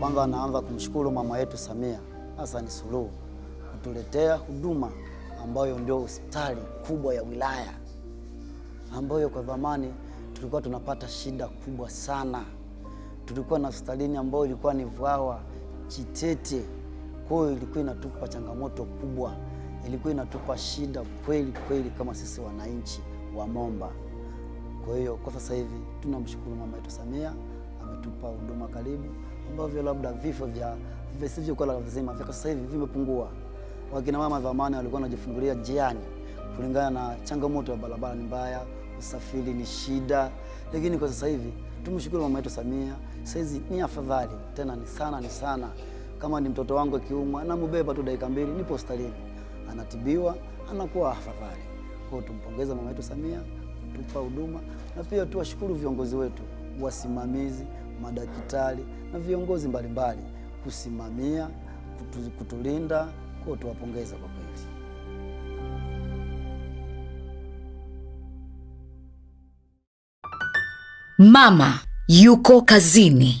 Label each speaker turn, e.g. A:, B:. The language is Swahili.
A: Kwanza naanza kumshukuru mama yetu Samia Hassan Suluhu kutuletea huduma ambayo ndio hospitali kubwa ya wilaya ambayo kwa zamani tulikuwa tunapata shida kubwa sana. Tulikuwa na hospitalini ambayo ilikuwa ni Vwawa, Chitete. Kwa hiyo ilikuwa inatupa changamoto kubwa, ilikuwa inatupa shida kweli kweli kama sisi wananchi wa Momba. Kwa hiyo kwa sasa hivi tunamshukuru mama yetu Samia, ametupa huduma karibu ambavyo labda vifo vya visivyokuwa lazima vya sasa hivi vimepungua. Wakina mama zamani walikuwa wanajifungulia njiani kulingana na changamoto ya barabara ni mbaya, usafiri ni shida, lakini kwa sasa hivi tumshukuru mama yetu Samia, saizi ni afadhali tena, ni sana ni sana. Kama ni mtoto wangu akiumwa, namubeba tu dakika mbili, nipo hospitalini, anatibiwa, anakuwa afadhali. Kwa hiyo tumpongeze mama yetu Samia kutupa huduma, na pia tuwashukuru viongozi wetu, wasimamizi madaktari na viongozi mbalimbali mbali, kusimamia kutu, kutulinda kwa tuwapongeza kwa kweli. Mama yuko kazini.